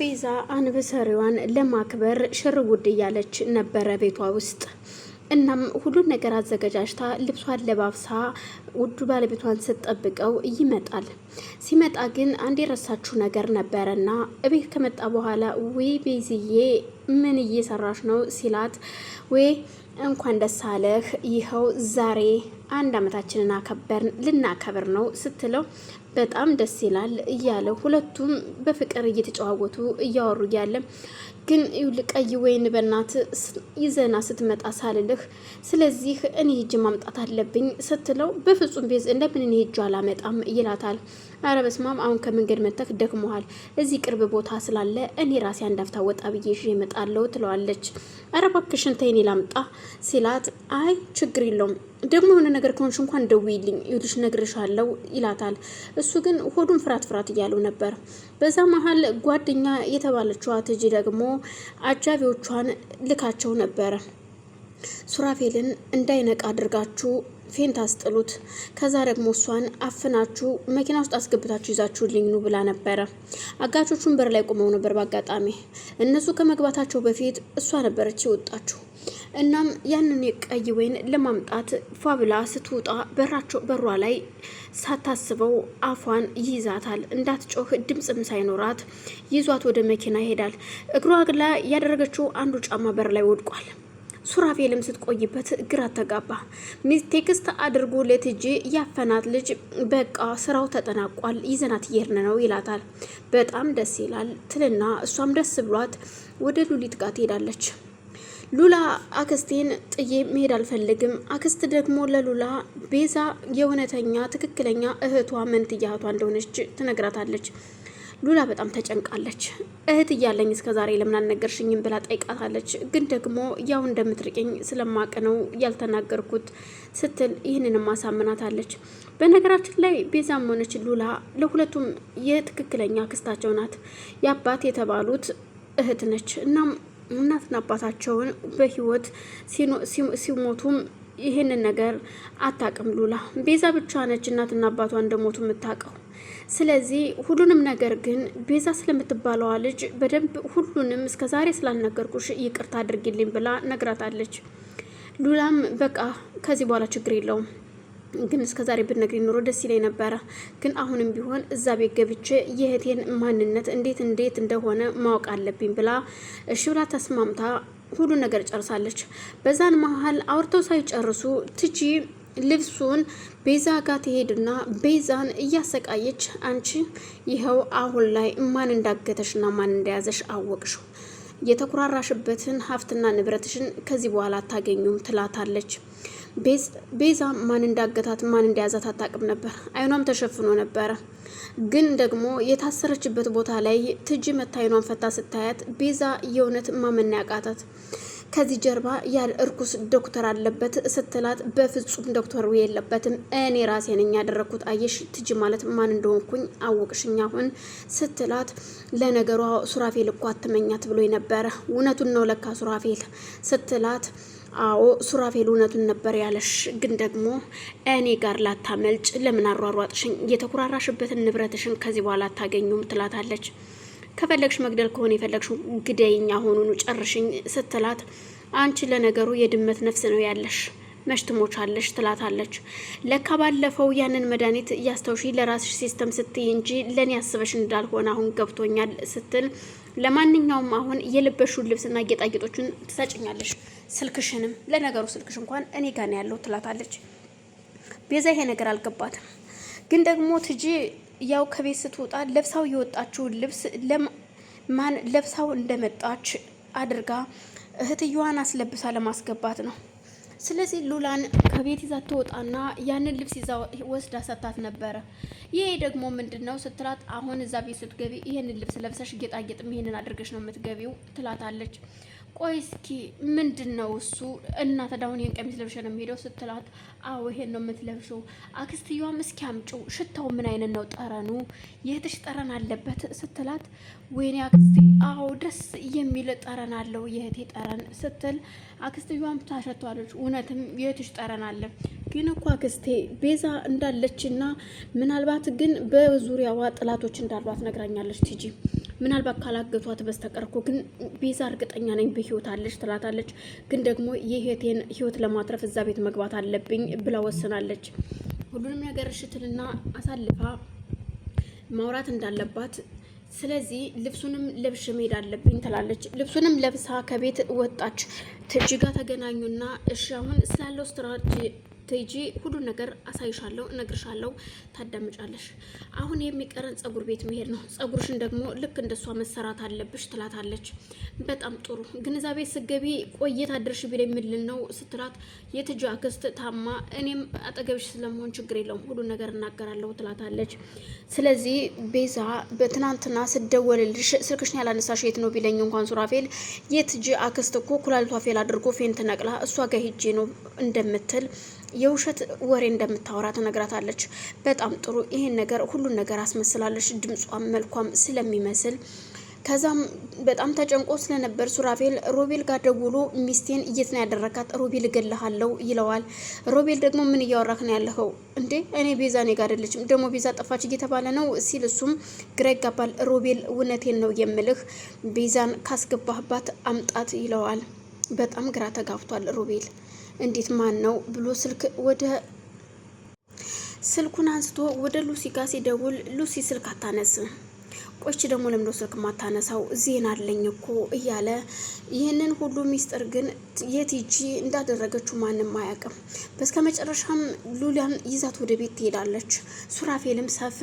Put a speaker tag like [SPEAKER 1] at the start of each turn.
[SPEAKER 1] ቤዛ አንበሰሪዋን ለማክበር ሽር ጉድ እያለች ነበረ ቤቷ ውስጥ። እናም ሁሉን ነገር አዘገጃጅታ ልብሷን ለባብሳ ውዱ ባለቤቷን ስትጠብቀው ይመጣል። ሲመጣ ግን አንድ የረሳችሁ ነገር ነበረና እቤት ከመጣ በኋላ ዌ ቤዝዬ ምን እየሰራሽ ነው ሲላት፣ ወይ እንኳን ደስ አለህ ይኸው ዛሬ አንድ አመታችንን አከበርን ልናከብር ነው ስትለው በጣም ደስ ይላል እያለ ሁለቱም በፍቅር እየተጨዋወቱ እያወሩ እያለ ግን ቀይ ወይን በእናት ይዘና ስትመጣ ሳልልህ፣ ስለዚህ እኔ ሂጅ ማምጣት አለብኝ ስትለው በፍጹም ቤዝ እንደምን እኔ ሂጅ አላመጣም ይላታል። አረ በስማም አሁን ከመንገድ መተክ ደክመሃል፣ እዚህ ቅርብ ቦታ ስላለ እኔ ራሴ አንዳፍታ ወጣ ብዬ ይዤ ትለዋለች። አረ እባክሽን ላምጣ ሲላት አይ ችግር የለውም ደግሞ የሆነ ነገር ከሆንሽ እንኳን ደውዪልኝ ይሉሽ ነግርሻለው ይላታል። እሱ ግን ሆዱን ፍራት ፍራት እያለው ነበር። በዛ መሀል ጓደኛ የተባለችዋ ትጂ ደግሞ አጃቢዎቿን ልካቸው ነበረ ሱራፌልን እንዳይነቃ አድርጋችሁ ፌንት አስጥሉት፣ ከዛ ደግሞ እሷን አፍናችሁ መኪና ውስጥ አስገብታችሁ ይዛችሁልኝ ኑ ብላ ነበረ። አጋቾቹን በር ላይ ቆመው ነበር። በአጋጣሚ እነሱ ከመግባታቸው በፊት እሷ ነበረች የወጣችሁ። እናም ያንን የቀይ ወይን ለማምጣት ፏብላ ስትወጣ በራቸው በሯ ላይ ሳታስበው አፏን ይይዛታል። እንዳትጮህ ድምፅም ሳይኖራት ይዟት ወደ መኪና ይሄዳል። እግሯ አግላ ያደረገችው አንዱ ጫማ በር ላይ ወድቋል። ሱራፌልም ስትቆይበት ግራ ተጋባ። ቴክስት አድርጎ ለትጂ ያፈናት ልጅ በቃ ስራው ተጠናቋል ይዘናት እየሄድን ነው ይላታል። በጣም ደስ ይላል ትልና እሷም ደስ ብሏት ወደ ሉሊት ጋር ትሄዳለች። ሉላ አክስቴን ጥዬ መሄድ አልፈልግም። አክስት ደግሞ ለሉላ ቤዛ የእውነተኛ ትክክለኛ እህቷ መንትያ እህቷ እንደሆነች ትነግራታለች። ሉላ በጣም ተጨንቃለች። እህት እያለኝ እስከ ዛሬ ለምን አልነገርሽኝም ብላ ጠይቃታለች። ግን ደግሞ ያው እንደምትርቅኝ ስለማቅ ነው ያልተናገርኩት ስትል ይህንን ማሳምናታለች። በነገራችን ላይ ቤዛም ሆነች ሉላ ለሁለቱም የትክክለኛ ክስታቸው ናት። የአባት የተባሉት እህት ነች። እናም እናትና አባታቸውን በህይወት ሲሞቱም ይህንን ነገር አታቅም ሉላ። ቤዛ ብቻ ነች እናትና አባቷ እንደሞቱ የምታውቀው። ስለዚህ ሁሉንም ነገር ግን ቤዛ ስለምትባለዋ ልጅ በደንብ ሁሉንም እስከ ዛሬ ስላልነገርኩሽ ይቅርታ አድርጊልኝ ብላ ነግራታለች። ሉላም በቃ ከዚህ በኋላ ችግር የለውም ግን እስከ ዛሬ ብነግሪ ኑሮ ደስ ይለኝ ነበረ። ግን አሁንም ቢሆን እዛ ቤት ገብቼ የእህቴን ማንነት እንዴት እንዴት እንደሆነ ማወቅ አለብኝ ብላ እሺ ብላ ተስማምታ ሁሉን ነገር ጨርሳለች። በዛን መሀል አውርተው ሳይጨርሱ ትጂ ልብሱን ቤዛ ጋር ትሄድና ቤዛን እያሰቃየች አንቺ ይኸው አሁን ላይ ማን እንዳገተሽና ማን እንደያዘሽ አወቅሽው የተኩራራሽበትን ሀብትና ንብረትሽን ከዚህ በኋላ አታገኙም ትላታለች። ቤዛ ማን እንዳገታት ማን እንደያዛት አታውቅም ነበር። አይኗም ተሸፍኖ ነበረ። ግን ደግሞ የታሰረችበት ቦታ ላይ ትጅ መታ አይኗን ፈታ ስታያት ቤዛ የእውነት ማመን ያቃታት ከዚህ ጀርባ ያለ እርኩስ ዶክተር አለበት ስትላት፣ በፍጹም ዶክተሩ የለበትም እኔ ራሴ ነኝ ያደረግኩት። አየሽ ትጅ ማለት ማን እንደሆንኩኝ አወቅሽኝ አሁን ስትላት፣ ለነገሯ ሱራፌል እኮ አትመኛት ብሎ ነበረ። እውነቱን ነው ለካ ሱራፌል ስትላት አዎ ሱራፌል እውነቱን ነበር ያለሽ። ግን ደግሞ እኔ ጋር ላታመልጭ ለምን አሯሯጥሽኝ? የተኩራራሽበትን ንብረትሽን ከዚህ በኋላ አታገኙም ትላታለች። ከፈለግሽ መግደል ከሆነ የፈለግሽ ግደይኛ ሆኑኑ ጨርሽኝ ስትላት አንቺ ለነገሩ የድመት ነፍስ ነው ያለሽ መች ትሞቻለሽ ትላታለች። ለካ ባለፈው ያንን መድኃኒት እያስታውሺ ለራስሽ ሲስተም ስትይ እንጂ ለእኔ ያስበሽ እንዳልሆነ አሁን ገብቶኛል ስትል ለማንኛውም አሁን የልበሹን ልብስና ጌጣጌጦችን ትሰጭኛለሽ፣ ስልክሽንም ለነገሩ ስልክሽ እንኳን እኔ ጋር ነው ያለው ትላታለች። ቤዛ ይሄ ነገር አልገባትም፣ ግን ደግሞ ትጂ ያው ከቤት ስትወጣ ለብሳው የወጣችውን ልብስ ለማን ለብሳው እንደመጣች አድርጋ እህትየዋን አስለብሳ ለማስገባት ነው። ስለዚህ ሉላን ከቤት ይዛ ትወጣና ያንን ልብስ ይዛ ወስዳ ሰታት ነበረ። ይሄ ደግሞ ምንድን ነው ስትላት፣ አሁን እዛ ቤት ስትገቢ ይህንን ልብስ ለብሰሽ ጌጣጌጥም ይሄንን አድርገሽ ነው የምትገቢው ትላታለች። ቆይ እስኪ ምንድን ነው እሱ? እናት ዳሁን ይህን ቀሚስ ለብሸ ነው የሚሄደው ስትላት፣ አዎ ይሄን ነው የምትለብሸው። አክስትየዋም እስኪ አምጪው፣ ሽታው ምን አይነት ነው ጠረኑ? የእህትሽ ጠረን አለበት ስትላት፣ ወይኔ አክስቴ፣ አዎ ደስ የሚል ጠረን አለው የእህቴ ጠረን ስትል፣ አክስትየዋም ታሸቷለች። እውነትም የእህትሽ ጠረን አለ ግን እኮ አክስቴ ቤዛ እንዳለችና ምናልባት ግን በዙሪያዋ ጥላቶች እንዳሏት ነግራኛለች ቲጂ ምናልባት ካላገቷት በስተቀር እኮ ግን ቤዛ እርግጠኛ ነኝ በህይወት አለች ትላታለች። ግን ደግሞ የእህቴን ህይወት ለማትረፍ እዛ ቤት መግባት አለብኝ ብላ ወስናለች። ሁሉንም ነገር እሽትልና አሳልፋ ማውራት እንዳለባት ስለዚህ ልብሱንም ለብሽ መሄድ አለብኝ ትላለች። ልብሱንም ለብሳ ከቤት ወጣች። ትጅጋ ተገናኙና እሺ አሁን ስላለው ስትራቴጂ ትሄጂ ሁሉን ነገር አሳይሻለሁ፣ እነግርሻለሁ፣ ታዳምጫለሽ። አሁን የሚቀረን ጸጉር ቤት መሄድ ነው። ጸጉርሽን ደግሞ ልክ እንደሷ መሰራት አለብሽ ትላታለች። በጣም ጥሩ ግንዛቤ ስገቢ ቆየት አድርሽ ቢል የሚልን ነው ስትላት የትጅ አክስት ታማ እኔም አጠገብሽ ስለመሆን ችግር የለውም ሁሉን ነገር እናገራለሁ ትላታለች። ስለዚህ ቤዛ በትናንትና ስደወልልሽ ስልክሽን ያላነሳሽ የት ነው ቢለኝ እንኳን ሱራፌል የትጂ አክስት እኮ ኩላሊቷ ፌል አድርጎ ፌንት ነቅላ እሷ ጋር ሄጄ ነው እንደምትል የውሸት ወሬ እንደምታወራ ትነግራታለች። በጣም ጥሩ ይሄን ነገር ሁሉን ነገር አስመስላለች። ድምጿም መልኳም ስለሚመስል ከዛም በጣም ተጨንቆ ስለነበር ሱራፌል ሮቤል ጋር ደውሎ ሚስቴን እየት ነው ያደረካት? ሮቤል እገልሃለሁ ይለዋል። ሮቤል ደግሞ ምን እያወራክ ነው ያለኸው? እንዴ እኔ ቤዛ እኔ ጋር አይደለችም፣ ደግሞ ቤዛ ጠፋች እየተባለ ነው ሲል እሱም ግራ ይጋባል። ሮቤል እውነቴን ነው የምልህ፣ ቤዛን ካስገባህባት አምጣት ይለዋል። በጣም ግራ ተጋብቷል ሮቤል። እንዴት ማን ነው ብሎ ስልክ ወደ ስልኩን አንስቶ ወደ ሉሲ ጋር ሲደውል ሉሲ ስልክ አታነስም። ቆይቼ ደግሞ ለምዶ ስልክ ማታነሳው ዜና አለኝ እኮ እያለ ይህንን ሁሉ ሚስጥር ግን የቲጂ እንዳደረገችው ማንም አያውቅም። በስከ መጨረሻም ሉሊያን ይዛት ወደ ቤት ትሄዳለች። ሱራፌልም ሰፍ